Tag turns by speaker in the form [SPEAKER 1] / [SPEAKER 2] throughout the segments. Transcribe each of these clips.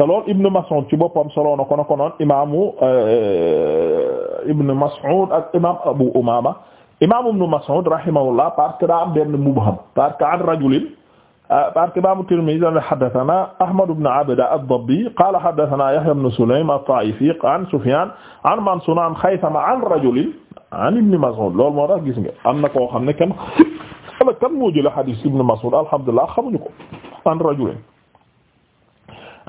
[SPEAKER 1] te lool Ibn Mas'ud ci boppam solo na ko na ko noon imaamu eh, Ibn Mas'ud ak imaam Abu Umaama imaam Ibn Mas'ud rahimahullah parce que daa am benn mubham parce que an rajulin eh, parce que imaamu Tirmidhi dana haddathana Ahmad ibn Abda ad-Dabbi qala haddathana Yahya ibn Sulaym at-Ta'ifi an Sufyan an Mansur an Khaythama an rajulin an Ibn Mas'ud loolu moo tax gis nga am na koo xam ne kenn xam kan moo jëlee hadith Ibn Mas'ud alhamdulillah xamuñu ko an rajulin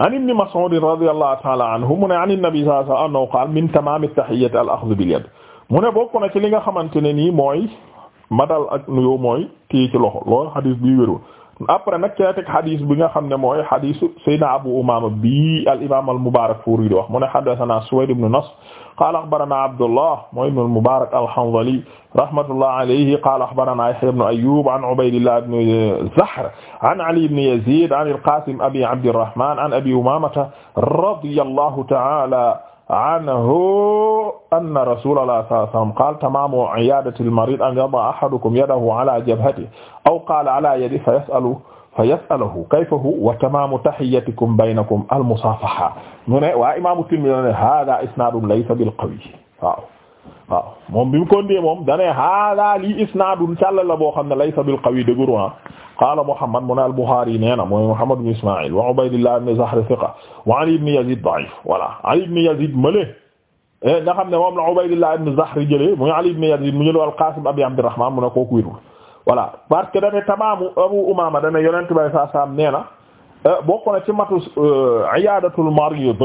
[SPEAKER 1] an ibni Mas'ud radiyallahu ta'ala anhu mu ne an nabi sallallahu alayhi wa sallam annahu qaala min tamaami tahiyyati al-axdu bil-yad mu ne bokk na ci li nga xamante ne nii mooy matal ak nuyoo mooy téye ci loxo loolu xadiis bi wérul après nag ci la teg xadis bi nga xam ne mooy xadisu Seydina Abu Umaama bi al imaam al Mubaarakfuuri di wax mu ne haddasanaa Suwayd ibn Nasr qaala axbaranaa Abdullah mooy ibn al Mubaarak al Hanzali rahmatullahi alayhi qaala axbaranaa Yahyaa ibn Ayyuub an Ubaydillah ibn Zahr an Ali ibn Yaziid an al Qaasim abi Abdirrahmaan an Abi Umaamata radiyallahu ta'aala anhu anna rasulallah sallallahu alayhi wa sallam qaala tamaamu iyaadati al-mariid an yada'a ahadukum yadahu ala jabhatihi aw qaala ala yadihi fa yas'aluhu fa yas'aluhu kayfa huwa wa tamaamu tahiyyatikum baynakum al-musaafaha mu ne waa imaamu Tirmidhi ne haadaa isnaadun laysa bil-qawiy waaw waaw moom bi mu ko ndee moom da ne haadaa lii isnaadun sàll la boo xam ne laysa bil-qawiy dëgg qaala Muhammad mu ne al-Bukhari nee na mooy Muhammad ibn Isma'il wa Ubaydillah ibn Zahr thiqa wa Ali ibn Yazid da'if voilà Ali ibn Yazid mële eh, nga xam ne moom la Ubaydillah ibn Zahr jëlee muy Ali ibn Yazid mu jëlee al-Qasim abi Abdurrahman mu ne kooku wérul voilà parce que dane tamaamu Abu Umaama dane yonent bay saa saam nee na eh, bokk na ci matu eh, iyaadatul marid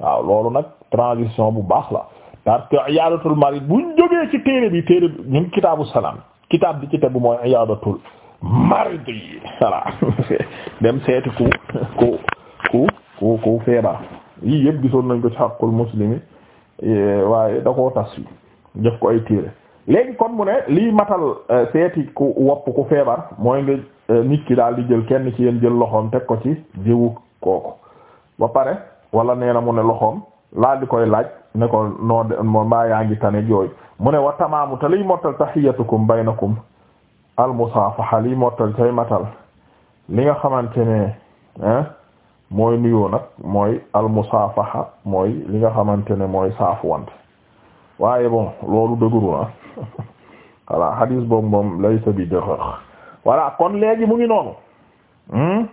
[SPEAKER 1] waaw loolu nag transition bu baax la parce que iyaadatul marid buñ jógee ci téere bi téere bi ñun kitaabu salaam kitaab bi ci tegu mooy iyaadatul mardi yi voilà dem seeti ku ku ku ku feebar yii yëpp gisoon nañ ko ci xaqul muslimi eh, waaye da koo tas def ko ay téere léegi kon mu ne lii matal eh, seeti ku wopp ku feebar mooy nga eh, nit ki daal di jël kenn ci yéen jël loxoom teg ko ci jiwu kooku ba pare walla nee na mu ne loxoom laal di koy laaj ne ko noo de moo mbaa yaa ngi tane jooy mu ne wa tamaamu te liy mottal na baynakum almusaafaha li mottal tay matal li nga xamante ne mooy nuyoo nag mooy almusaafaha mooy li nga xamante ne mooy saafuwante waaye bon loolu dëgëru na ah. voilà hadis boobu moom laysa bi dëgër voilà kon léegi mu ngi noonu hmm?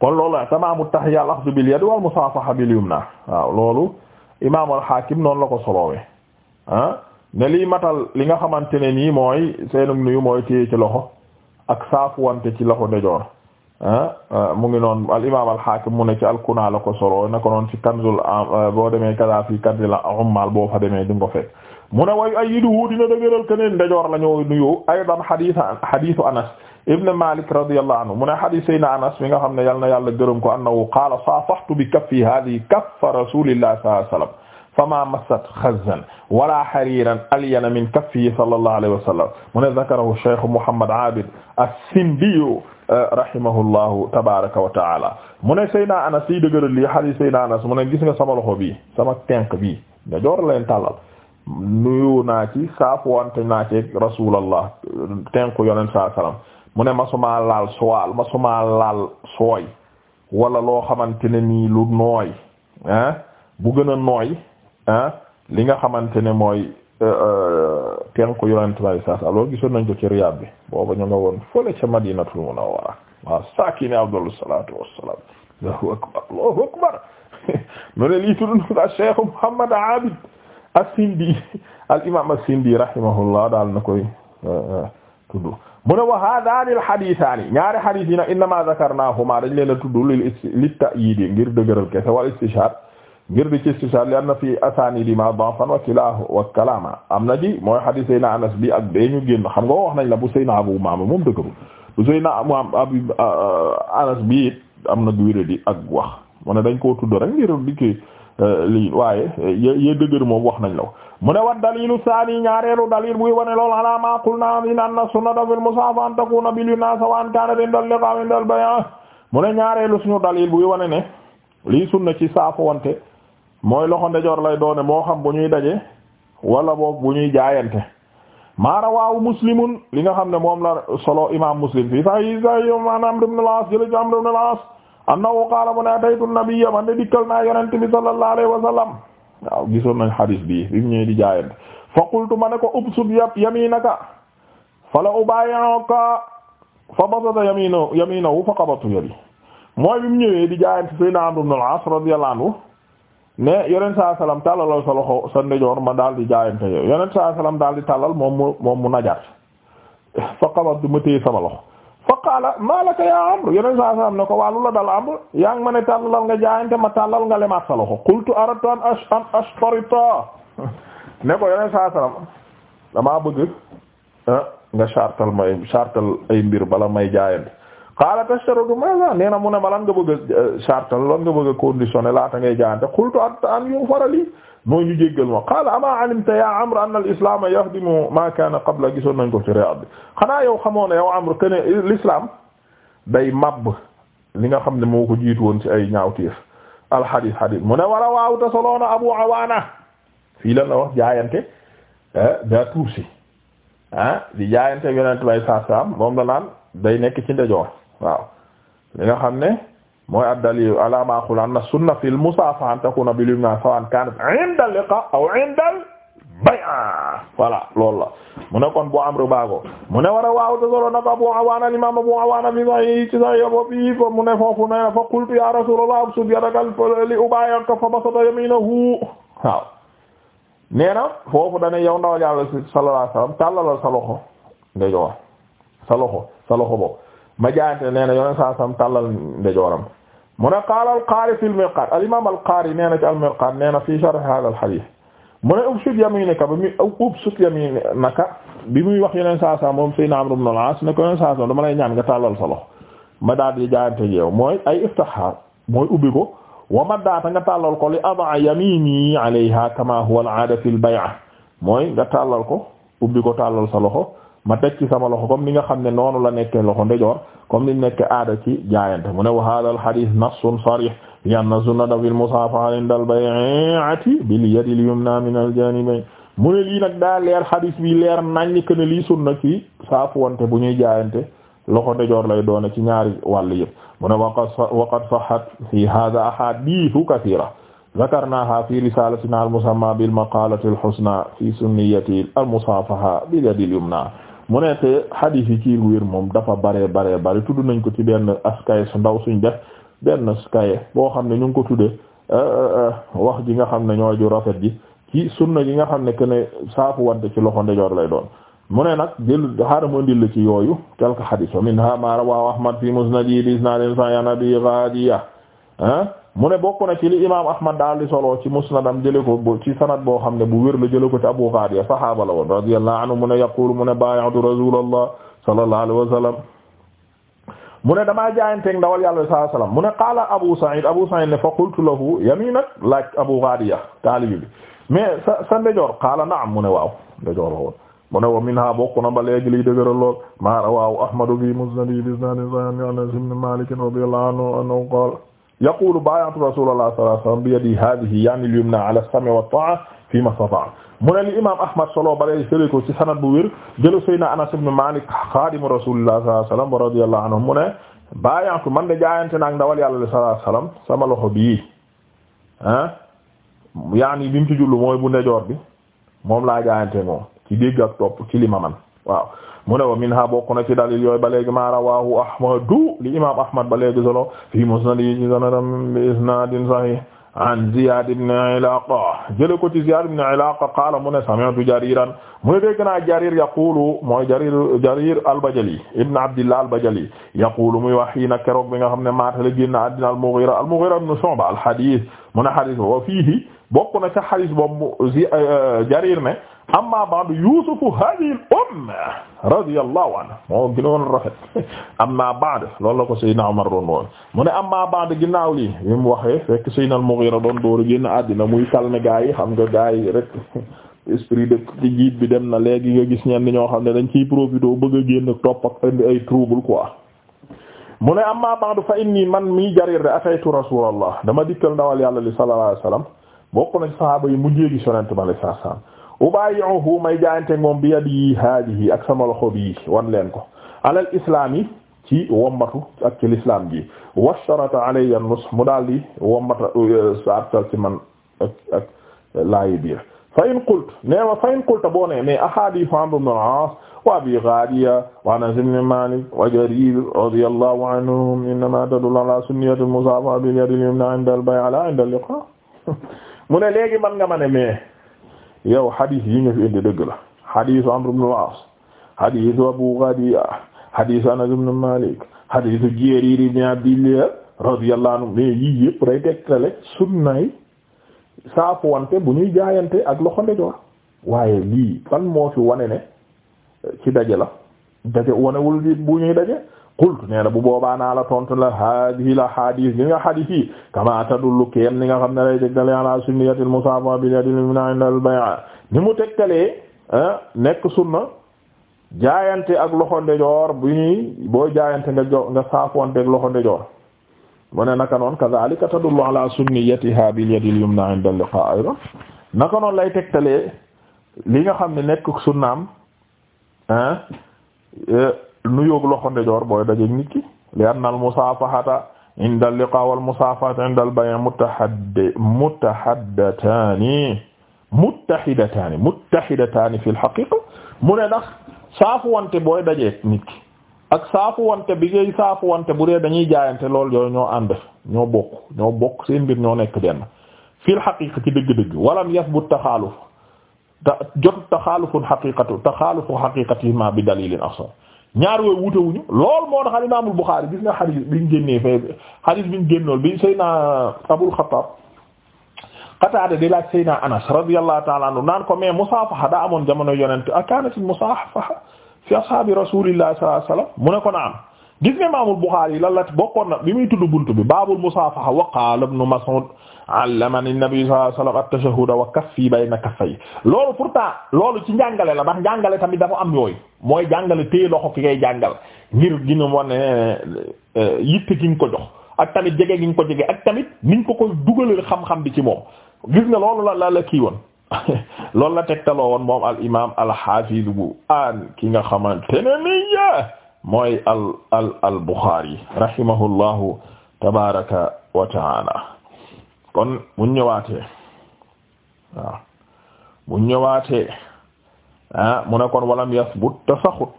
[SPEAKER 1] kon loolu la tamaamu tahiyya al-axdu bil yad wal musaafaha bil yumna waaw loolu imaam al-Haakim noonu la ko solowee ah. ne lii matal li nga xamante ne nii mooy seenum nuyu mooy téye ci loxo ak saafuwante ci loxo ndejoor ah, ah mu ngi noonu al imaam mu ne ci al la ko solo na ko noonu ci kanzul ah, boo demee kaza fi kanzul ummal boo fa demee di nga mu ne wayu ay yidu wu dina dëgëral ke ne ndejoor la ñoo nuyu aydan hadith Anas ibn Malik radiyallahu anhu mu ne hadith sayna Anas mi nga xam ne yal na yàlla gërëm ko annahu qaala saafahtu bi kaffi hadhihi kaffa rasulillahi sallallahu alayhi wasallam fama massat xazzan wala hariran alyana min kaffihi sallallahu alayhi wa sallam mu ne zakarahu cheikh Muhammad Abid as-Sindiyu eh, rahimahullahu tabaraka wa taala mu ne Seydina Anas siy dëgëral lii hadiis Seydina Anas mu ne gis nga sama loxo bii sama tenk bii nga joor leen tàllal nuyu naa ci saafuwante naa ci Rasuulallah tenku yonent saa sallam mu ne masumaa laal sowaal masumaa laal sooy wala loo xamante ne nii lu nooy ah bu gën a nooy Ah, li nga xamante ne mooy tenku euh, euh, yonent bi sallallahu alayhi wasallam loolu gisoon nañ ko ci Riyad bi booba ñu nga woon fële ca Madinatul Munawwara waaw saakini afdalu salaatu wassalaam Allahu akbar Allahu akbar mu ne lii tudd na Cheikh Muhammad Abid as-Sindi al-Imam as-Sindi rahimahullah daal na koy euh, tudd mu ne wa haadaani al-hadiisaani ñaari hadiis yi leen tudd li li kese wal istishhaad ngir di ci sisa li am na fi asanidi ma da'fan wa kilahu wa kalama am na ji mooy hadith sayna anas bi ak bee ñu génn xam nga wax nañ la bu sayna abu mama moom dëggaru bu sayna abu euh, anas bi it am na wéré di ak wax mu ne dañ koo tudd rek ngir di ki euh, lii waaye ye dëgër moom wax nañ la mu ne wat dalilu saani ñaareelu dalil buy wane lool ala ma naa min anna sunnata fil mushaf an takuna bil yunasa wa an kana indal liqa indal bayan mu ne suñu dalil buy wane ne lii sunna ci saafu wante mooy loxo ndejoor lay doone moo xam bu ñuy daje wala boog bu ñuy jaayante maara waawu muslimun li nga xam ne moom la solo imam muslim fii sax yi sax yo an amr ibn al-As jële ci amr ibn al-As annahu qaala ne ataytu nabiyya man de dikkal naa yonente bi sallallahu alayhi wa sallam waaw gisoon nañ hadis bii bi di jaayante fa qultu ma ne ko ubsut yap yaminaka fala ubayyuka fa basata yaminu yaminahu fa qabattu yadi mooy bi mu di jaayante sayyidina amr ibn al ne yonent saa salaam tàllalal sa loxo sa ndijoor ma daal di jaayante yow yonent saa salaam daal di tàllal moom mu moom mu najar fa qabadtu ma téye sama loxo fa qaala maa laka yaa Amr yonent saa salaam ne ko waa la dal Amr yaa ngi ma ne tàllalal nga jaayante ma tàllal nga lemaat sa loxo qultu aradtu an ash an ashtarita ne ko yonent saa salaam damaa bëgg ah, nga chartal may chartal ay mbir bala may jaayante xaala tashtaratu maanaam nee na mu ne ma lan nga bëgg a euh, charte lan nga bëgg a laata ngay jaante xultu at an yu farali mooy ñu jéggal ma qaala ama alimta ya amr anna al islaama ma kaana qabla gisoon nañ ko ci Riyaad bi xanaa yow xamoo ne yow amr que ne day màbb li nga xam ne moo ko jiitu woon ci ay ñaawteef alxadis xadis mu ne war waaw te soloona abu awaana fii lan la wax jaayante euh, daa tuur si ah di jaayante yonent bay saat moom la naan day nekk ci ndejoor waaw li nga xam ne mooy ad-dalil ala ma aqul anna sunna fil musaafa an takuna bil yumna sawaan kanat inda al-liqa aw inda al-bay'a voilà loolu la mu ne kon bu amru baago mu ne war a waaw te solo nako
[SPEAKER 2] Abu Awaana al-imaam Abu Awaana bi sax ci sax yobo bi fa mu ne foofu ne fa qultu ya Rasuulallah absut
[SPEAKER 1] yadaka li ubaayaka fa basata yaminahu waaw nee na foofu dane yow ndawal Yàlla sallallahu alayhi wasallam tàllalal sa loxo ndeyjoor sa loxo sa loxo boobu ma jaayante nee na yoneen saa sam tàllal ndejooram mu ne qaala al-Qaari fi al-Mirqaat al-imaam na fi sharh haadha al-hadiis ubsut yamiinaka bi muy wax yoneen saa sam moom Seydina Amr ibn al-Aas ne ko yoneen ñaan nga tàllal sa loxo ma daal di jaayante yow mooy ay istixaar mooy ubbi ko wa ma daata nga tàllal ko li adaa yamiini alayha kamaa huwa al fi al-bay'a mooy nga tàllal ko ubbi ko tàllal sa loxo. ma teg ci sama loxo comme ni nga xam ne noonu la nekkee loxo ndejoor comme ni nekk aada ci jaayante mu wa hada al hadith nassun sarih li anna sunnata fil musaafaha inda al bay'ati bil yadi al yumna min al janibayn mu ne lii nag daa leer hadith bi leer nañ que ne lii sunna ci saafuwante bu ñuy jaayante loxo ndejoor lay doone ci ñaari wàll yëpp wa ne waqad sahhat fi hada ahadithu kathira zakarnaha fi risalatina al musamma bil maqalati al husna fi sunniyati al musaafaha bil yadi mu ne te hadith yi ci wér moom dafa bare bare bare tudd nañ ko ci benn askaye su ndaw suñ def benn askaye boo xam ne ñu ngi ko tuddee euh, euh, euh, wax ji nga xam ne ñoo ju rafet ji ci na ji nga xam ne que ne saafu wante ci loxo ndejoor lay doon mu ne nag jël xaaram andil la ci yooyu quelque hadith wa minha ma rawahu ahmad fi musnadi bi isnadin sa'yan abi ya ah mu ne bokk na ci li imaam Ahmad daal di solo ci musnadam jëlee ko bo ci sanad boo xam ne bu wér la jëlee ko ci Abu Qaadiya saxaaba la woon radiyallahu anhu mu ne yaqulu mu ne baayatu rasuulallah sallallahu alayhi wa sallam mu ne damaa yàlla sallallahu alayhi wa sallam mu ne qaala Abu Saïd Abu Saïd ne fa qultu lahu yamiinak laaj Abu Qaadiya taalibi bi mais sa sa ndejoor qaala naam mu ne waaw wa minha bokk na ba léegi liy dëgëral lool maa rawaahu fi musnadihi bi isnaadin sahiih an Anas ibn Maalik radiyallahu anhu qaala yaqulu bayatu rasulullah sallallahu alayhi wasallam bi yadi hadhihi yani al-yumna ala as-sam'i wat-ta'a fi ma istata'a mu ne li imam ahmad solo bale sëri ko ci sanad bu wér jële sayyidina anas ibn malik xaadimu rasulillah sallallahu alayhi wasallam wa radiyallahu anhu mu ne bayatu man de jaayante naag ndawal yàlla sallallahu alayhi wasallam sama loxo bii ah yaani bi mu ci jullu mooy bu ndejoor bi moom laa jaayante moom ci dégg ak topp ci li ma man waaw mu ne wa minha bokk na ci dalil yooyu ba léegi ma rawahu ahmadu li imam ahmad ba léegi solo fi musnadi ci sanadam bi isnadin sahih an Ziyad ibn Ilaqa jële ko ci Ziyad ibn Ilaqa qaala mu ne sami'tu Jariran mu ne dégg naa Jarir yaqulu mooy Jarir Jarir al-Bajali ibn Abdillah al-Bajali yaqulu muy wax yi nag keroog bi nga xam ne maatale génn àddina al-Mughira al-Mughira ibn Shu'ba al-hadith mu ne hadith wa fiihi bokk na ca hadith boobu Jarir ne amma ba'du yusufu hadhihi al-umma radiyallahu anhu moo gënoon rafet amma ba'du loolu la ko Seydina Umar doon woon mu ne amma ba'du ginnaaw lii li mu waxee fekk Seydina al-Mughira doon dóoru génn àddina muy calmer gaa yi xam nga gaa yi rek esprit de jiit bi dem na léegi nga gis ñenn ñoo xam ne dañ ci profité bëgg a génn topp ak indi ay trouble quoi mu ne amma ba'du fa inni man mi jarir de ataytu rasulallah dama dikkal ndawal yàlla li sallallahu alayhi wasallam bokk yi mujjee gi ubayi'uhu may jaayante moom bi yadi haadihi ak sama loxo bi wan leen ko alal islam yi ci wommatu ak ci l'islam ji washarata alayya nus mu daal di wommata euh, saabsal ci man ak ak laayi biir fa in qultu nee ma fa in qultu boo nee mais ahadith Amr ibn al-As wa Abi Ghadiya wa Anas ibn Malik wa Jarir radiyallahu anhum innama tadullu ala sunnati al-musafaha bil yad al-yumna inda al-bay' la inda al-liqa mu ne léegi man nga ma ne mais yow hadith yi nga fi dëgg la hadith Amr ibn al-As hadith Abu Ghadiya hadith Anas ibn Malik hadith Jarir ibn Abdillah radiyallahu yëpp day tegtale sunnaay saafuwante bu ñuy jaayante ak loxo ndejoor waaye lii fan moo fi wane ne ci daje la daje wanewul bu ñuy daje qultu nee na bu boobaa naa la tontu la hadihi la hadis bi nga tadullu kéem ni xam ne lay tegtale ala sunniyatil musaafa bil yadil yumna ah, ak loxo ndejoor bu ñuy boo jaayante nga jo nga ak loxo ndejoor mu ne naka noon kadhalika tadullu ala sunniyatiha bil yadil yumna inda al liqa naka noon lay tegtalee li nga xam ne nekk sunnaam ah eh, nuyoog loxo ndijoor booy dajeek nit ki li anna al musaafahata inda al liqaa wal musaafahata inda al bay' mutahaddi mutahaddatani muttahidataani muttahidataani fi al haqiqa mu ne ndax saafu wante booy dajeek nit ki ak saafu wante bi ngay saafu wante bu dee dañuy jaayante lool yooyu ñoo ànd ñoo bokk ñoo bokk seen ñoo nekk benn fil xaqiqa ci dëgg-dëgg walam yasbut taxaaluf ta jot taxaalufun xaqiqatu taxaalufu xaqiqati ma bi dalilin asar ñaari ñaar wooyu wutewuñu lool moo tax al imaamul Buxaari gis nga xadis biñ génnee fa xadis biñ génnool bi Seydina Abul Xattaab Qataada di laaj Seydina Anas radiyallahu ta'ala anhu naan ko mais musaafaha daa amoon jamono yonent akaanati musaafaha fi ashaabi rasuulillahi sallallahu alayhi wasallam mu ne ko na gis nga imaamul Buxaari lan la bokkoon na bi muy tudd buntu bi baabul musaafaha wa qaala ibnu Mas'ud allamani nabi sallallahu alayhi wasallam at-tashahhud wa kaffi bayna kaffay loolu pourtant loolu ci njàngale la ndax njàngale tamit dafa am yooy mooy jàngale téye loxo ki ngay jàngal ngir gina wan ne euh, yitte gi ko jox ak tamit jege gi ko jege ak tamit niñ ko koy dugalal xam-xam bi ci moom gis nga loolu la la la kii woon loolu la tegtaloo woon moom al imaam al xaafiz bu aan ki nga xamante ne nii mooy al al al Bukhari rahimahullahu tabaraka wa taala kon bu ñëwaatee waaw bu ah, mu ne kon walam yasbut te saxut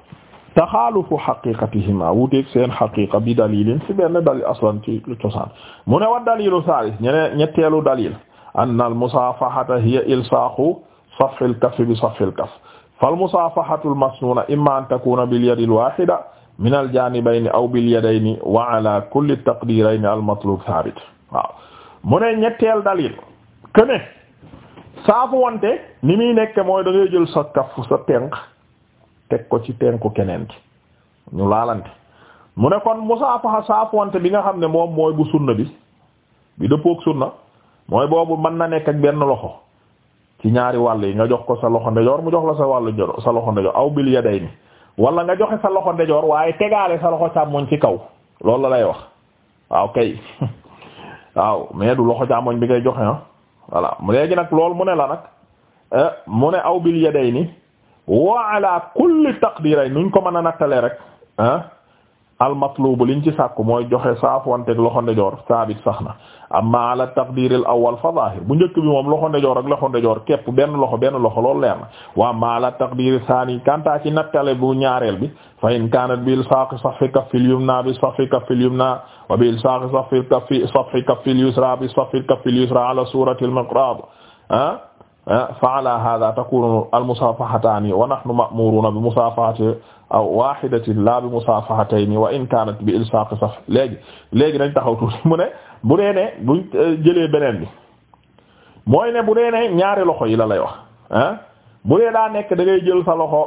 [SPEAKER 1] taxaalufu xaqiqatihima wuuteeg seen xaqiqa bi dalilin ci benn dalil aslan ci lu cosaan mu ne wa dalilu salis ñene ñetteelu dalil anna al musafahata hiya ilsaqu safil kaf bi safil kaf fal musaafahatul masnuuna imma an takuuna bil yadil waahida minal jaanibayni aw bil yadayni wa ala kulli taqdirayni al matlub saabit waaw mu ne ñetteel dalil këne saafu ni muy nekk mooy da jël sa kaf sa tenq teg ko ci tenku keneen ki ñu laalante mu ne kon musaafaha saafu bi nga xam ne moom mooy bu sunna bi bi dëppook sunna mooy boobu mën na nekk ak benn loxo ci ñaari wàll yi nga jox ko sa loxo ndejoor mu jox la sa wàllu jor sa loxo ndejoor aw bil yadayni wala nga joxe sa loxo ndejoor waaye tegaale sa loxo càmmoñ ci kaw loolu la lay wax waaw kay waaw mais du loxo càmmoñ bi ngay joxe ah voilà léegi nag loolu mu ne la nag eh, mu ne aw bil yadayni wa ala kulli taqdiray nuñ ko mën a nattale rek eh, almatlubu liñ ci sàkku mooy joxe saaf wanteeg loxo ndejoor saabit sax na amma ala fa zahir bu njëkk bi moom loxo ndejoor ak loxo ndejoor képp benn loxo benn loxo loolu leer na wa amma ala taqdiril saani kanta ci nattale bu ñaareel bi fa in kanat bi ilsaaqi saffi kaffil yumna bi saffi kaffil yumna wa bi ilsaaqi saffi kaffi saffi kaffil yusra bi saffi kaffil yusra ala surati almiqrab ah? ah fa ala hadha takunu almusaafahataani wa nahnu ma'muruna bi musaafahati aw wahidatin la bi musafahatayni wa in kanat bi ilsaqi saf léegi léegi nañ taxaw tuuti mu ne bu dee ne buñ jëlee beneen bi mooy ne bu dee ne ñaari loxo yi la lay wax bu dee daa nekk da jël sa loxo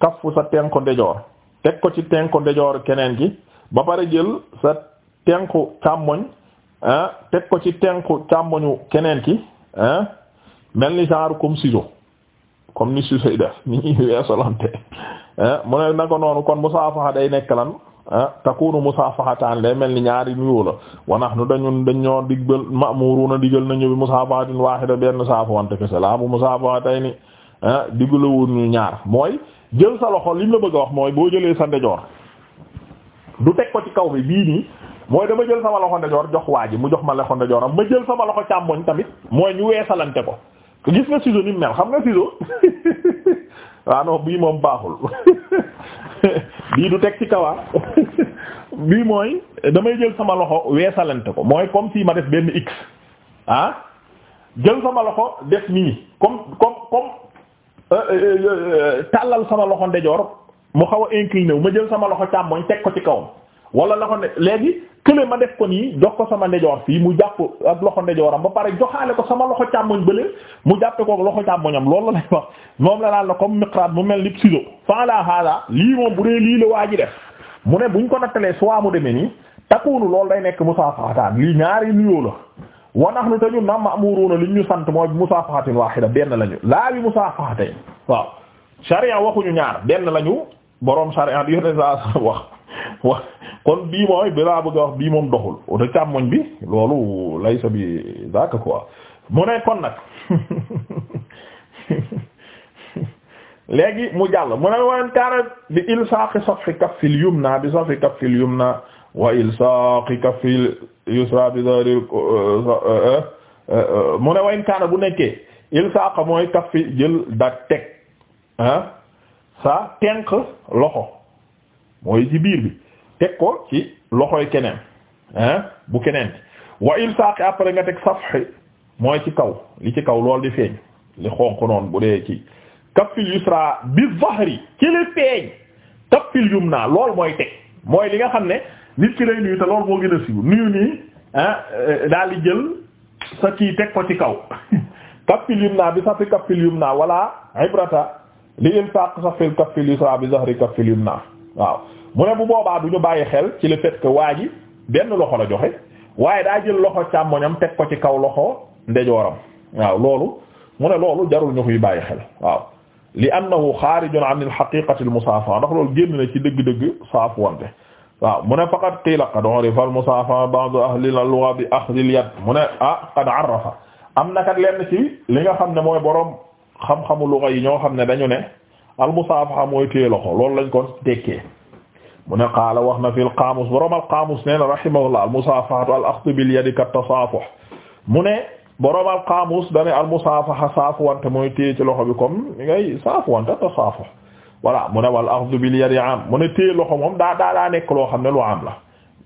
[SPEAKER 1] kaffu sa tenko ndejoor teg ko ci tenko ndejoor keneen gi ba pare jël sa tenku càmmoñ ah teg ko ci tenku càmmoñu keneen ki ah mel ni genre comme ciseau comme ni ciseau ni ñuy weesalante Eh, mu ne naka noonu kon musaafaha day nekk lan eh, takunu musaafahataan day mel ni ñaari nuyoo la wa nahnu dañu dañoo diggal ma'muruna diggal nañu bi musaafahatin waahida benn saafawante kese la bu musaafahatayni eh, diggalawul ñu ñaar mooy jël sa loxo liñ la bëgg a wax mooy boo jëlee sa ndejoor du teg ko ci kaw bi bii nii mooy dama jël sama loxo ndejoor jox waa ji mu jox ma loxo ndejooram ma jël sama loxo càmmoñ tamit mooy ñu weesalante ko gis nga ciseau ni mel xam nga ciseau waaw ah, non bii moom baaxul bii du teg ci kawaa bii mooy damay jël sama loxo weesalante ko mooy comme si ma def benn x ah jël sama loxo def nii comme comme comme euh, euh, euh, tàllal sama loxo ndejoor mu xaw a incliné wu ma jël sama loxo càmmoñ teg ko ci kaw wala loxo ne léegi kële ma def ko nii jox ko sama ndejoor fii mu jàpp ak loxo ndejooram ba pare joxaale ko sama loxo càmmoñ bële mu jàppe ko loxo càmmoñam loolu la lay wax moom la naan la comme miqraat mu mel ni ciseau faala haala lii moom bu dee lii la waa ji def mu ne buñ ko nattalee soit mu demee nii takkuwul loolu day nekk musaafaxataan lii ñaari nuyoo la wa nahnu te ñun na ma'muruuna liñ ñu sant mooy musaafaxatin waahida benn lañu laa bi musaafaxatayn waaw sharia waxuñu ñaar benn lañu borom sharia di yónnee saa wax. wa kon bii mooy balaa bëgg a bii moom doxul de càmmoñ bi loolu lay sa bi daaka quoi mu ne kon nag léegi mu jàll mu ne wonen karat bi ilsaaqi saffi kaffil yumna bi saffi kaffil yumna wa ilsaaqi kaffil yusra bi zahri mu bu nekkee ilsaaqa mooy kaffi jël da teg ah, sa tenq loxo mooy ci biir bi teg ko ci loxoy keneen ah bu keneen wa il saaqi après nga teg safhi mooy ci kaw li ci kaw lool di feeñ li xonq noonu bu dee ci kaffil yusra bi zahri ci li feeñ kaffil yumna lool mooy teg mooy li nga xam ne nit ki lay nuyu te lool moo gën a siiw nuyu nii ah daal di jël sa kii teg ko ci kaw kaffil yumna bi safi kaffil yumna wala ibrata li il saaq safil kaffil yusra bi zahri kaffil yumna waaw mu ne bu boobaa du ñu bàyyi xel ci le fait que waa ji benn loxo la joxe waaye daa jël loxo càmmoñam teg ko ci kaw loxo ndejooram waaw loolu mu ne loolu jarul ñu koy bàyyi xel waaw li annahu xaarijun an al xaqiqati al musaafa ndax loolu na ci dëgg-dëgg saafu waaw mu ne faqad qiila qad urifa al musaafa ba'd ahli al bi axdi al yad mu ne ah qad arafa am na kat lenn ci li nga xam ne mooy boroom xam-xamu lugha yi ñoo xam ne dañu ne almusaafaha mooy téye loxo loolu lañ ko tekkee mu ne qaala wax na fi al qaamus borom al qaamus nee na rahimahullah almusaafahatu al axdu bil yadi kat tasaafuh mu ne borom al qaamus da ne almusaafaha saafuwante mooy téye ci loxo bi comme ngay saafuwante tasaafuh voilà mu ne wal axdu bil yadi am mu ne téye loxo moom daa daa daa nekk loo xam ne lu am la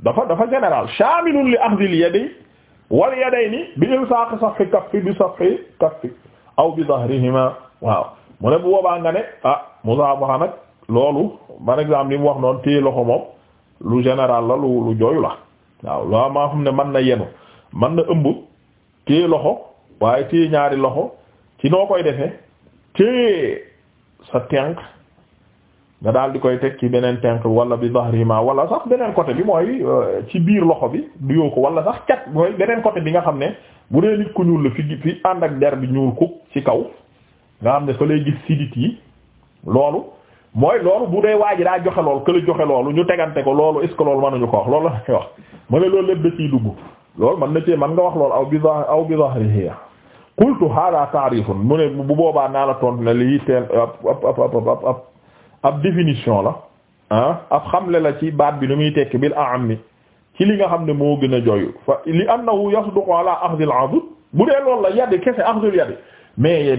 [SPEAKER 1] dafa dafa général shaamilun li axdil yadi wal yadayni bi ilsaaqi saffi kaffi bi saffi kaffi aw bi zahrihima waaw. mu ne bu boobaa nga ne ah Moussa Mouhamed loolu par exemple li mu wax noonu téye loxo moom lu général la lu lu jooyu la waaw loo maa xam ne man na yenu man na ëmb téye loxo waaye téye ñaari loxo ci noo koy defee téye sa tenk nga daal di koy teg ci beneen tenk wala bi zahrima wala sax beneen côté bi mooy euh, ci biir loxo bi du yoo ko wala sax cat mooy beneen côté bi nga xam ne bu dee nit ku ñuul la fi fi ànd ak der bi ñuul ko ci kaw nga xam ne fa lay gis sidit yi loolu mooy loolu bu dee waa ji daa joxe lool kële joxe loolu ñu tegante ko loolu est ce que loolu mënuñu ko wax loolu la ñuy wax ma ne loolu lépp da ciy dugg loolu man na cee man nga wax loolu aw bi aw bi zahrihi qultu hada ta'rifun mu ne bu boobaa naa la tontu ne lii teen ab ab définition la ah ab xamle la ci baat bi nu muy tekki bil a'ammi ci li nga xam ne moo gën a joyu fa li annahu yasduqu ala akhdhi al-'adud bu dee loolu la yaddi kese akhdhi al-yaddi mais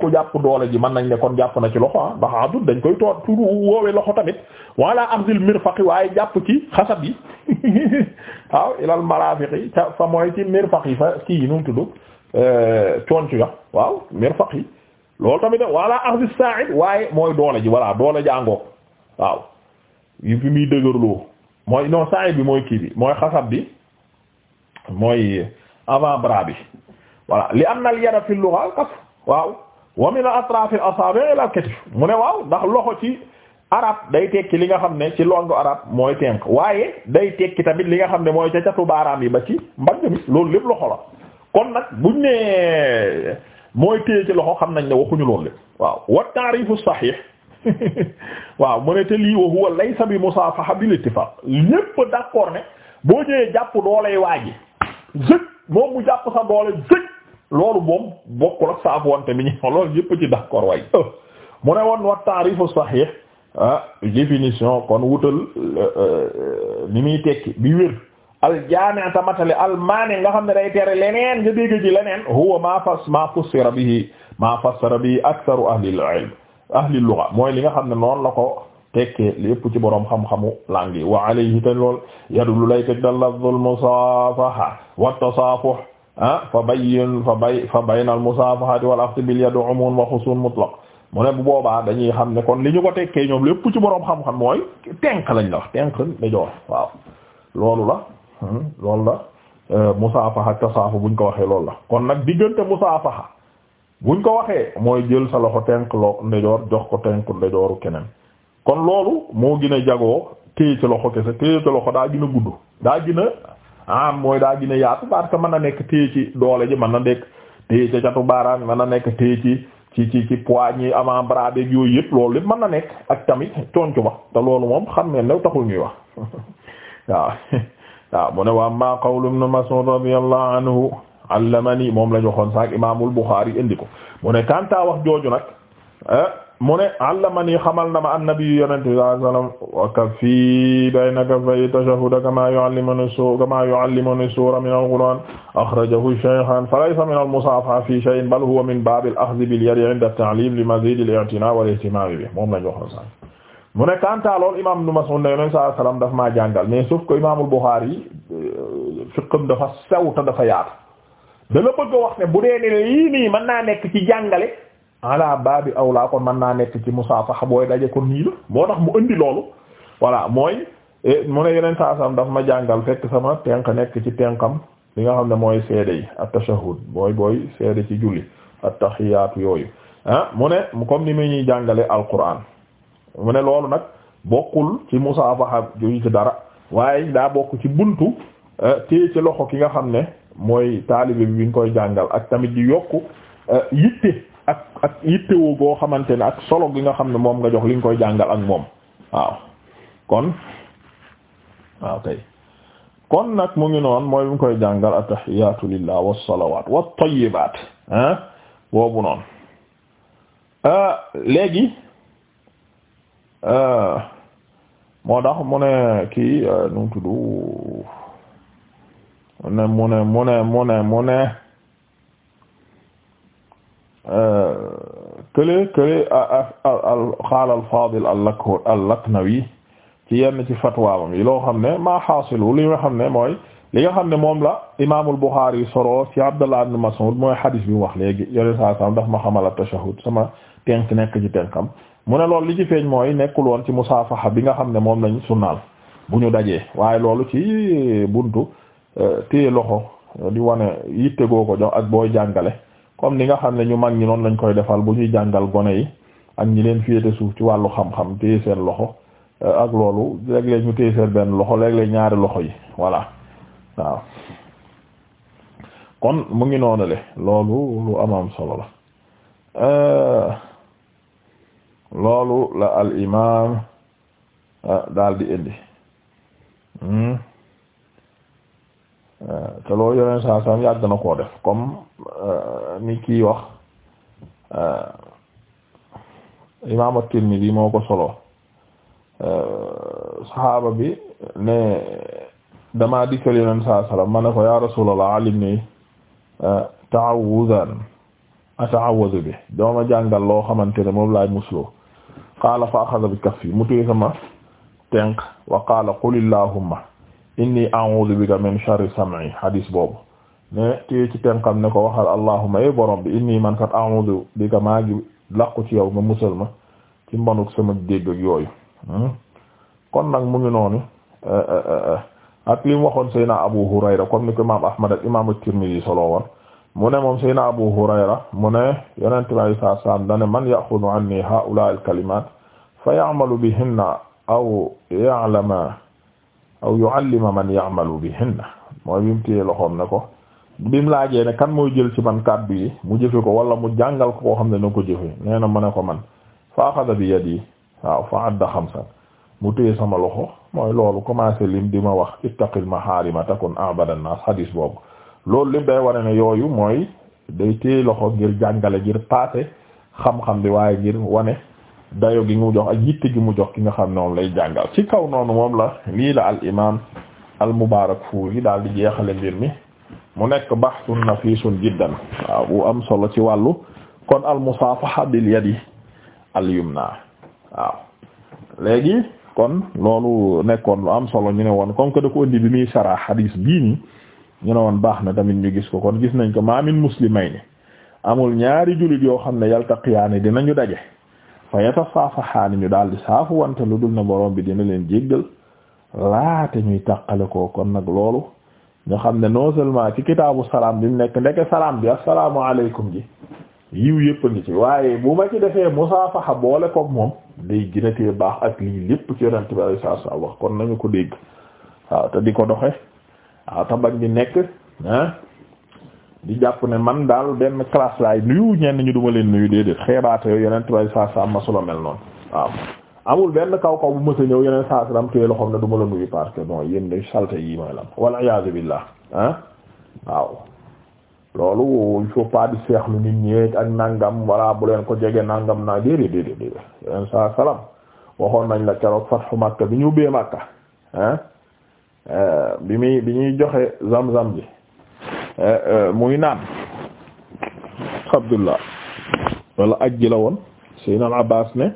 [SPEAKER 1] ku jàpp doole ji man nañ ne kon jàpp na ci loxo ah ndax adul dañ koy toog turu woowe loxo tamit wala axdil mirfaqi waaye jàpp ci xasab yi waaw ilal marafiqi ca fa mooy ci yi fa kii nu tudd euh, coonc ya waaw mirfaqi loolu tamit wala axdis sa'id waaye mooy doole ji wala doole ji waaw yu fi muy dëgërloo mooy non sa'id bi mooy kii bi mooy xasab bi mooy avant bras bi voilà li am na al yada fil lugha kaf waaw wa min atrafi asabi ila mu ne waaw ndax loxo ci arab day tekki li nga xam ne ci longu arab mooy tenk waaye day tekki tamit li nga xam ne mooy ca baaraam yi ba ci mbagg mi loolu lépp loxo la kon nag buñ ne mooy téye ci loxo xam nañ ne waxuñu loolu lépp waaw wa ta'rifu sahih waaw mu ne te lii wa huwa laysa bi musafaha bil ittifaq ñépp d'accord ne boo ñëwee jàpp dooley waaji zëg moom mu jàpp sa doole zëg loolu moom bokkul ak saabu wante mi ñu loolu yëpp ci d'accord way mu ne woon wa taarifu sahih ah définition kon wutal euh, euh, ni muy tekki bi tamata aljaami' tamatale almaani nga xam ne day tere leneen nga dégg ci leneen huwa maa fas maa fassara bihi maa fassara bihi aktharu ahlil ilm ahlil lugha mooy li nga xam ne noonu la ko tekkee lépp ci boroom xam-xamu langi wa alayhi te lool yadullu lay teg dalla dhul musafaha wa tasafuh ah fa bayyin fa bay fa bayna al musaafahati wal axdi bil yad umuum wa xusuun mutlaq mu ne bu boobaa dañuy xam ne kon li ñu ko tekkee ñoom lépp ci boroom xam-xam mooy tenk lañ la wax tenk da joor waaw loolu la loolu la euh, musaafaha tasaafu buñ ko waxee loolu la kon nag diggante musaafaha buñ ko waxee mooy jël sa loxo tenk loo ndejoor jox ko tenk ndejooru keneen kon loolu moo gën a jagoo téye ci loxo kese téye ci loxo daa gën gudd daa gën ah mooy daa gën a yaatu parce que mën a nekk téye ci doole ji mën na nekk téye ci catu mën na nekk téye ci ci ci ci poignée avant bras beeg yooyu yëpp loolu lépp man a nekk ak tamit concu ba te loolu moom xam ne new taxul ñuy wax waaw waaw mu ne wa amma qawlu ibn Mas'ud radiyallahu anhu allamani moom lañu ñu waxoon sax imaamul Bukhari indi ko mu ne kanta wax jooju nag eh, mu ne allamani xamal na ma annabi yonente sallallahu alayhi wasallam wa kafi bayna kafay tashahhud kama yu'allimuna su kama yu'allimuna sura min al-Qur'an akhrajahu shaykhan falaysa min al-musafaha fi shay'in bal huwa min bab al-akhdh bil yad 'inda at-ta'lim li mazid al-i'tina' wal-ihtimam bihi moom lañ wax sax mu ne kanta lool imam Ibn Mas'ud ne yonente sallallahu alayhi wasallam daf maa jàngal mais sauf que imam al-Bukhari euh, fiqam dafa sewta dafa yaatu da la bëgg a wax ne bu dee ne lii nii mën naa nekk ci jàngale ala baabi awlaa kon man naa nekk ci musaafaha booy daje kon nii moo tax mu indi loolu voilà mooy e, mu ne yeneen saa sam daf ma jàngal fekk sama tenk nekk ci tenkam li nga xam ne mooy seede yi at-tashahhud booy booy seede ci julli at-tahiyaatu yooyu ah mu ne comme ni mu ñuy jàngale alquran mu ne loolu nag bokkul ci musaafaha juy ci dara waaye daa bokk ci buntu e, téye ci loxo ki nga xam ne mooy taalibe bi bi nga koy jàngal ak tamit di yokk e, yitte ak ak yittewoo goo xamante ne ak solo gi nga xam ne moom nga jox li nga koy jàngal ak moom waaw kon waaw kon nag mu ngi noon mooy bi nga koy jàngal attahiyatu lillah wassalawat wattayibat ah boobu noonu euh, léegi euh, moo tax mu ne kii euh, nu mu tudd mu ne mu ne mu ne mu ne mu ne kële kële xaal al Faadil al Laknawi ci yenn ci fatwaam yi loo xam ne maa xaasilu li nga xam ne mooy li nga xam ne moom la imaamul Buxaari solo ci Abdullah ibn Mas'ud mooy xadiis bi wax léegi yore saa sam daf ma xamal tashahhud sama tenk nekk ci tenkam mu ne loolu li ci feeñ mooy nekkul woon ci musaafaxa bi nga xam ne moom lañ sunnaal bu ñu dajee waaye loolu ci buntu eh, téye loxo di wane yitte goo ko ak booy jàngale. comme ni nga xam ne ñu mag ñi noonu lañ koy defal bu ñuy jàngal gone yi ak ñi leen féete suuf ci wàllu xam-xam téye seen loxo euh, ak loolu léeg-léeg benn loxo léeg ñaari loxo yi voilà waaw kon mu ngi noonale loolu solo la euh, loolu la al imaam euh, daal di indi hmm? te loolu yeneen saa saam yàgg na koo def comme Euh, ni kii wax euh, imaam at-Tirmidhi moo ko solo euh, saxaaba bi ne damaa dikkal yeneen saa salaam ma ne ko yaa rasuulallah alimni ta'awudan ata'awwadu bi dooma jàngal loo xamante ne moom laay musloo qaala fa axada bi kaffi mu téye sama tenq wa qaala qul allahumma inni a'uudu bika min sharri sam'i hadis boobu ne téye ci tenkam ne ko waxal allahumma ey borom bi inni man kat a'udhu bika maa ngi làqu ci yow nga musal ma ci mbanuk sama yooyu hmm? kon nag mu ngi noonu eh, eh, eh, ak li mu waxoon Seyna Abu Hurayra comme ni ko imaam Ahmad ak imaam At-Tirmidhi solo mu ne moom Seyna Abu Hurayra mu ne yonent bi alayhi salaatu salaam dane man kalimaat fa ya'malu bihinna aw ya'lama aw yu'allima man ya'malu bihinna mooy bi mu téye loxoom ne ko bi mu laajee ne kan mooy jël ci man kàddu yi mu jëfe ko wala mu jàngal ko koo xam ne na ko jëfe nee na ma ne ko man fa axada bi yadi waaw fa adda xamsan mu téye sama loxo mooy loolu commencé lim di ma wax ma ittaqil ma takun abada nas hadis boobu loolu lim day wane ne yooyu mooy day téye loxo ngir jàngale ngir paase xam-xam bi waaye ngir wane dayo gi mu jox ak yitte gi mu jox ki nga xam ne moom lay jàngal ci kaw noonu moom la lii la al imam al mubarak daal di jeexale mbir mi mu nekk baxtun nafisun jiddan waaw bu am solo ci wàllu kon al musaafaha bil yadi al yumna waaw léegi kon loolu nekkoon lu am solo ñu ne woon comme que da ko indi bi muy sarah hadis bii nii ñu ne woon baax na tamit ñu gis ko kon gis nañ ko ma min muslimayni amul ñaari jullit yoo xam ne yaltaqiyaani dinañu daje fa yatasaafahaani ñu daal di saafu wante lu dul na borom bi dina leen jéggal laate ñuy tàqale ko kon nag loolu ñu xam ne noo seulement ci kitaabu salaam bi nekk ndeke salaam bi assalaamu alaykum ji yiw yëpp ngi ci waaye bu ma ci defee musaafaxa boole koog moom day gën a baax ak lii lépp ci yonent bi alayhi wax kon nañu ko dégg waaw te di ko doxe waaw te bañ nekk ah di jàpp ne man daal benn classe laay nuyu ñenn ñu duma leen nuyu déedéet xeebaate yooyu yonent bi alayhi salaatu ma solo mel noonu waaw amul benn kaw kaw bu mës ñëw yeneen saa salaam téye loxoom ne du ma la nuyu parce que bon yéen de salte yi mooy lan wal iyaazu billah ah waaw loolu il faut pas di seexlu nit ñeeg ak nangam wala bu leen ko jege nangam naa déedéet déedéet déedéet yeneen saa salaam waxoon nañ la keroog fatxu Makka bi ñu bee Makka ah eh, bi muy bi ñuy joxe zam-zam ji eh, eh, muy naan Abdullah wala ajji la woon Seydina Abbas ne.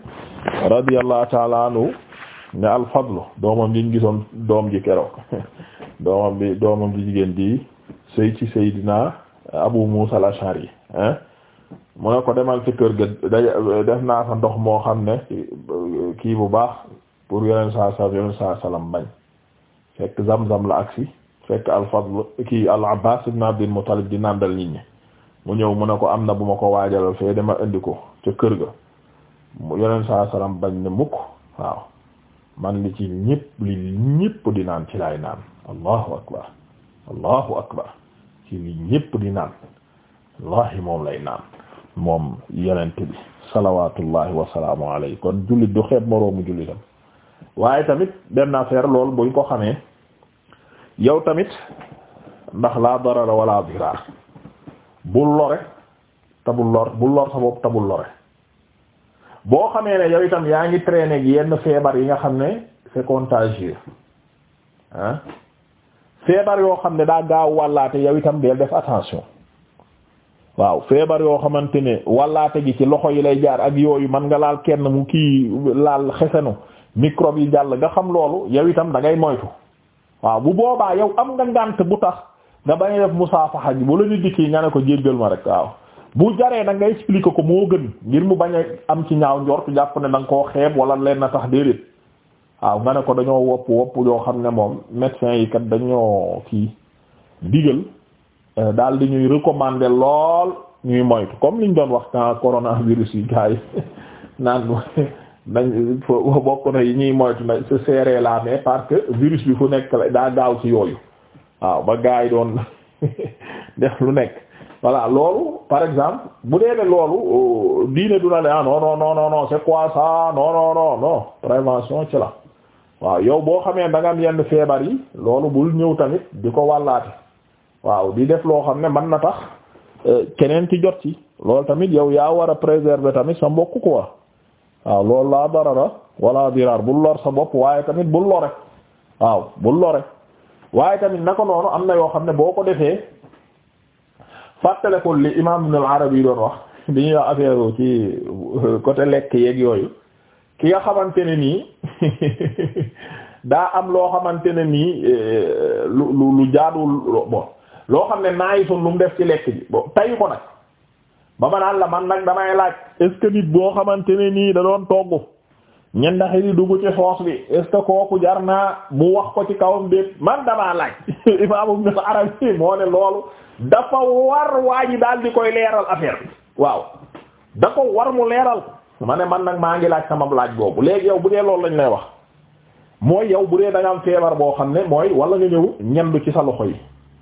[SPEAKER 1] radiyallahu taala anhu ne alfadlu doomam liñ gisoon doom ji keroog doomam bi doomam ji jigéen di sëy ci Seydina Abu Musa al-Ash'ari hein mu ne ko demal ci kër ga def naa fa ndox moo xam ne kii bu baax pour yeneen saa sa yeneen saa salam bañ fekk zam-zam la agsi fekk al-Fadl kii al-Abbas ibn Abdul Muttalib di nàndal nit ñi mu ñëw mu ne ko am na bu ma ko waajalal fee dama indi ko ca kër ga yonent saa salaam bañ ne mukk waaw man li ci ñëpp li ñëpp di naan ci laay naan allahu akbar allahu akbar ci li ñëpp di naan wallahi moom lay naan moom yonent bi salawatullahi wasalaamu alayhi kon jullit du xeeb moroomu jullitam waaye tamit benn affaire lool buñ ko xamee yow tamit ndax laa darara wala dirar bul lore tabul lor bul lor sa bopp tabul lore boo xamee ne yow itam yaa ngi traîner ak yenn feebar yi nga xam ne c'est contagieux ah feebar yoo xam ne daa gaaw wàllaate yow itam deel def attention waaw feebar yoo xamante ne wàllaate gi ci loxo yi lay jaar ak yooyu man nga laal kenn mu kii laal xesanu microbe yi jàll nga xam loolu yow itam da ngay moytu waaw bu boobaa yow am nga ngànt bu tax nga bañ a def musaafaxa ji bu la ñu dikkee nga ne ko jéggal ma rek waaw bu jaree nag nga expliquer ko moo gën ngir mu bañ am ci ñaaw njort jàpp ne da nga koo xeeb wala leen na tax déedéet waaw nga ne ko dañoo wopp wopp yoo xam ne moom médecins yi kat dañoo kii digal euh, daal di ñuy recommander lool ñuy moytu comme li ñu doon wax temps coronavirus yi gars yi naan nañ bokk na yi ñuy moytu na se serrer la main parce que virus bi fu nekk la daa gaaw ci yooyu waaw ba gars yi doon def lu nekk. voilà loolu par exemple bu dee ne loolu euh, diine du na ne ah non non non non c'est quoi ça non non prévention ci la waaw yow boo xamee da nga am yenn feebar yi loolu bul ñëw tamit di ko wàllaate waaw di def loo xam ne man na tax euh, keneen ki jot ci loolu tamit yow yaa war a préserver tamit sa mbokk quoi waaw loolu laa darara wala diraar bul lor sa bopp waaye tamit bul lore waaw bul lore waaye tamit naka noonu am na yoo xam ne boo ko defee. fàttalekul li imaam Ibn al-Arabi yi doon wax bi ñuy wax affaire ci euh, côté lekk yeeg yooyu ki nga xamante ne nii daa am loo xamante ne nii euh, lu lu lu jaaduwul bon loo xam ne naay sun lu mu def ci lekk ji bon tayu ko nag ba ma naan la man nag damay laaj est boo xamante ne nii da doon togg. ñen ndax di dugg ci soos bi est kooku jar naa mu wax ko ci kawam déet man damaa laaj imam Ibn Arabi moo ne loolu dafa war waa ji daal di koy leeral affaire bi waaw da ko war mu leeral ma ne man nag maa ngi laaj sama laaj boobu léegi yow bu dee loolu lañu lay wax mooy yow bu dee da nga am feebar boo xam ne mooy wala nga ñëw ñendu ci sa loxo yi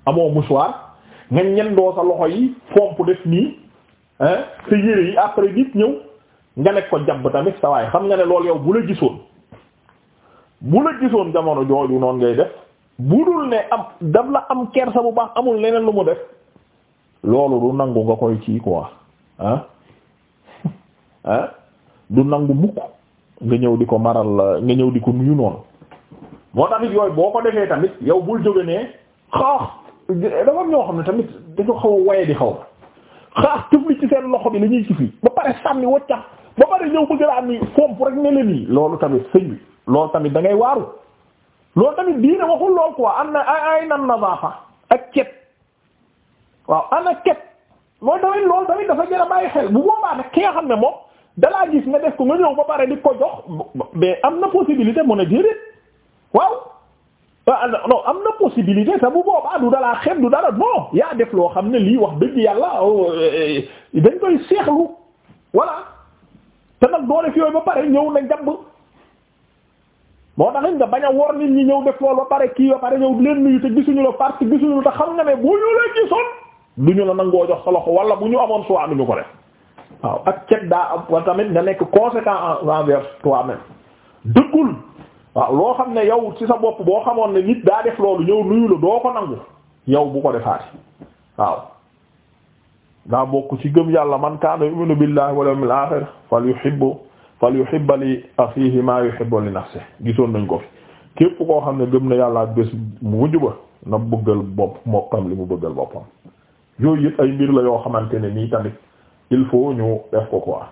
[SPEAKER 1] amoo mouchoir nga ñendoo sa loxo yi fomp def nii te yére yi après nit ñëw nga nekk ko jàpp tamit sa waay xam nga ne lool yow bu la gisoon bu la gisoon jamono jooju noonu ngay def bu dul ne am daf la am kersa bu baax amul leneen lu mu def loolu du nangu nga koy ci quoi ah, ah du nangu mukk nga ñëw di ko maral nga ñëw di ko nuyu noonu
[SPEAKER 2] moo taxit yooyu boo ko defee tamit yow bul jóge ne xaax dafa ñoo xam ne tamit dañu xaw a waye di xaw xaax tufli ci seen loxo bi la ñuy ba pare sànni waccax ba pare ñëw bëgg laa ni fomp rek ne leen loolu tamit sëñ bi loolu tamit da ngay waaru loolu tamit diine waxul lool quoi am na ay ay nan nazaafa ak ket waaw ana cet loolu tamit loolu tamit dafa jëra ay xel bu boobaa nag ki nga xam ne moom dalaa gis nga def ko nga ñëw ba pare di ko jox mais am na possibilité mu ne déedéet waaw ah, ah non am na possibilité sax bu boobaa du dalaa xeeb du dara non yaa def loo xam ne lii wax dëgg yàlla oh, eh, eh, dañ koy seexlu voilà te nag doo def yooyu ba pare ñëw na jàpp moo tax nga bañ a wor nit ñi ñëw def loolu ba pare kii ba pare ñëw leen nuyu te gisuñu la parce que gisuñu la te xam nga ne bu ñu la gisoon duñu
[SPEAKER 1] la nangoo jox sa loxo wala bu ñu amoon choix duñu ko def waaw ak ceeb daa am tamit nga nekk conséquent envers toi-même dëggul waaw loo xam ne yow ci sa bopp boo xamoon ne nit daa def loolu ñëw nuyu la doo ko nangu yow bu ko defaati waaw daa bokk ci gëm yàlla man kaana yu'minu billahi wal yawmil akhir falyuhibbu falyuhibba li akhihi ma yuhibbu li nafsihi gisoon nañ ko fi képp koo xam ne gëm na yàlla ak bés mu mujj ba na bëggal bopp boppam yooyu yëpp ay mbir la yoo xamante ne nii tamit il faut ñu def ko quoi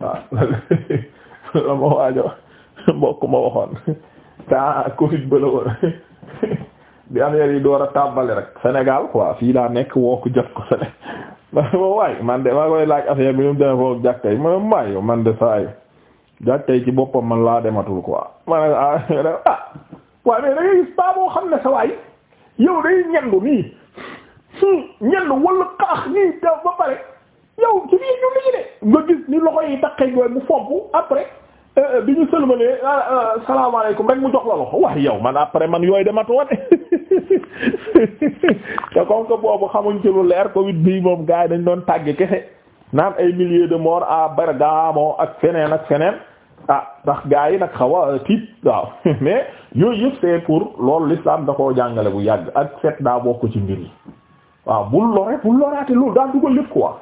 [SPEAKER 1] la ma waajo mbokk ma waxoon ta covid ba la bi affaire yi door a tàmbali rek Sénégal quoi fii laa nekk woo ko jot waay man de man koy laaj affaire bi ñu demee foofu jàkka yi ma maay yow man de saa yi jàkka yi ci boppam man laa dematul ko ma ah, ah waaye
[SPEAKER 2] mais da xam ne sa waay yow day ñendu nii hmm, ñendu wala kaax nii daf ba pare yow ci biir ñu liggéey de nga gis ni loxo yi taqee jooy mu fomp
[SPEAKER 1] après eh, eh, bi ñu sëlmalee ah, ah, salaamaaleykum rek mu jox la loxo waaye yow man après man yooyu dematu woon te comme que boobu xamuñ ci lu leer Covid bii moom gaa yi dañ doon tàgge kese naan ay millier de morts à Bergamo ak feneen ak feneen ah ndax gaa yi nag xaw a tiit waaw mais yooyu yëpp pour loolu l'islam da koo jàngale bu yàgg ak fet daa bokk ci mbir yi waaw bul lore bul loraate loolu daa dugal lépp quoi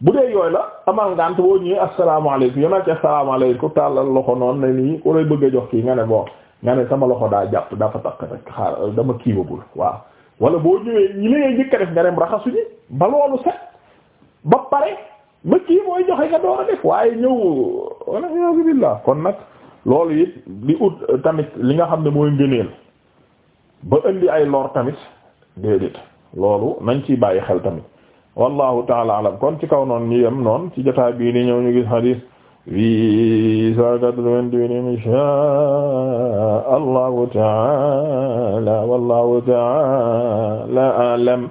[SPEAKER 1] bu dee yooyu la amal ngant boo ñëwee asalaamaaleykum yéen a ngi ci asalaamaaleykum tàllal loxo noonu na nii ku lay bëgg a jox kii nga ne bon. nga ne sama loxo daa jàpp dafa takk rek xaar dama kiiwagul waaw wala boo ñëwee ñi la ngay def nga dem raxasu ba loolu set ba pare ba kii joxe nga door waaye ñëw wala billah kon nag loolu it di ut tamit li nga xam ne mooy ngëneel ba indi ay lor tamit déedéet loolu nañ ciy bàyyi xel tamit wallahu taala alam kon ci kaw noonu ñu yem noonu ci jotaay bii ni ñëw ñu gis hadith huit cent quatre-vingt-huit inshaa Allahu ta'aala wallahu ta'aala a'lam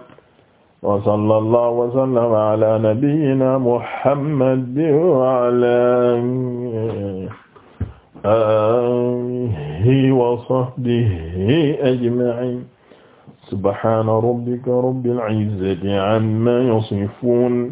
[SPEAKER 1] wa sallallahu wa sallama ala nabiyyina Muhammad wa ala aalihi wa sahbihi ajma'iin subhaana rabbika rabbil izzati amma yasifuun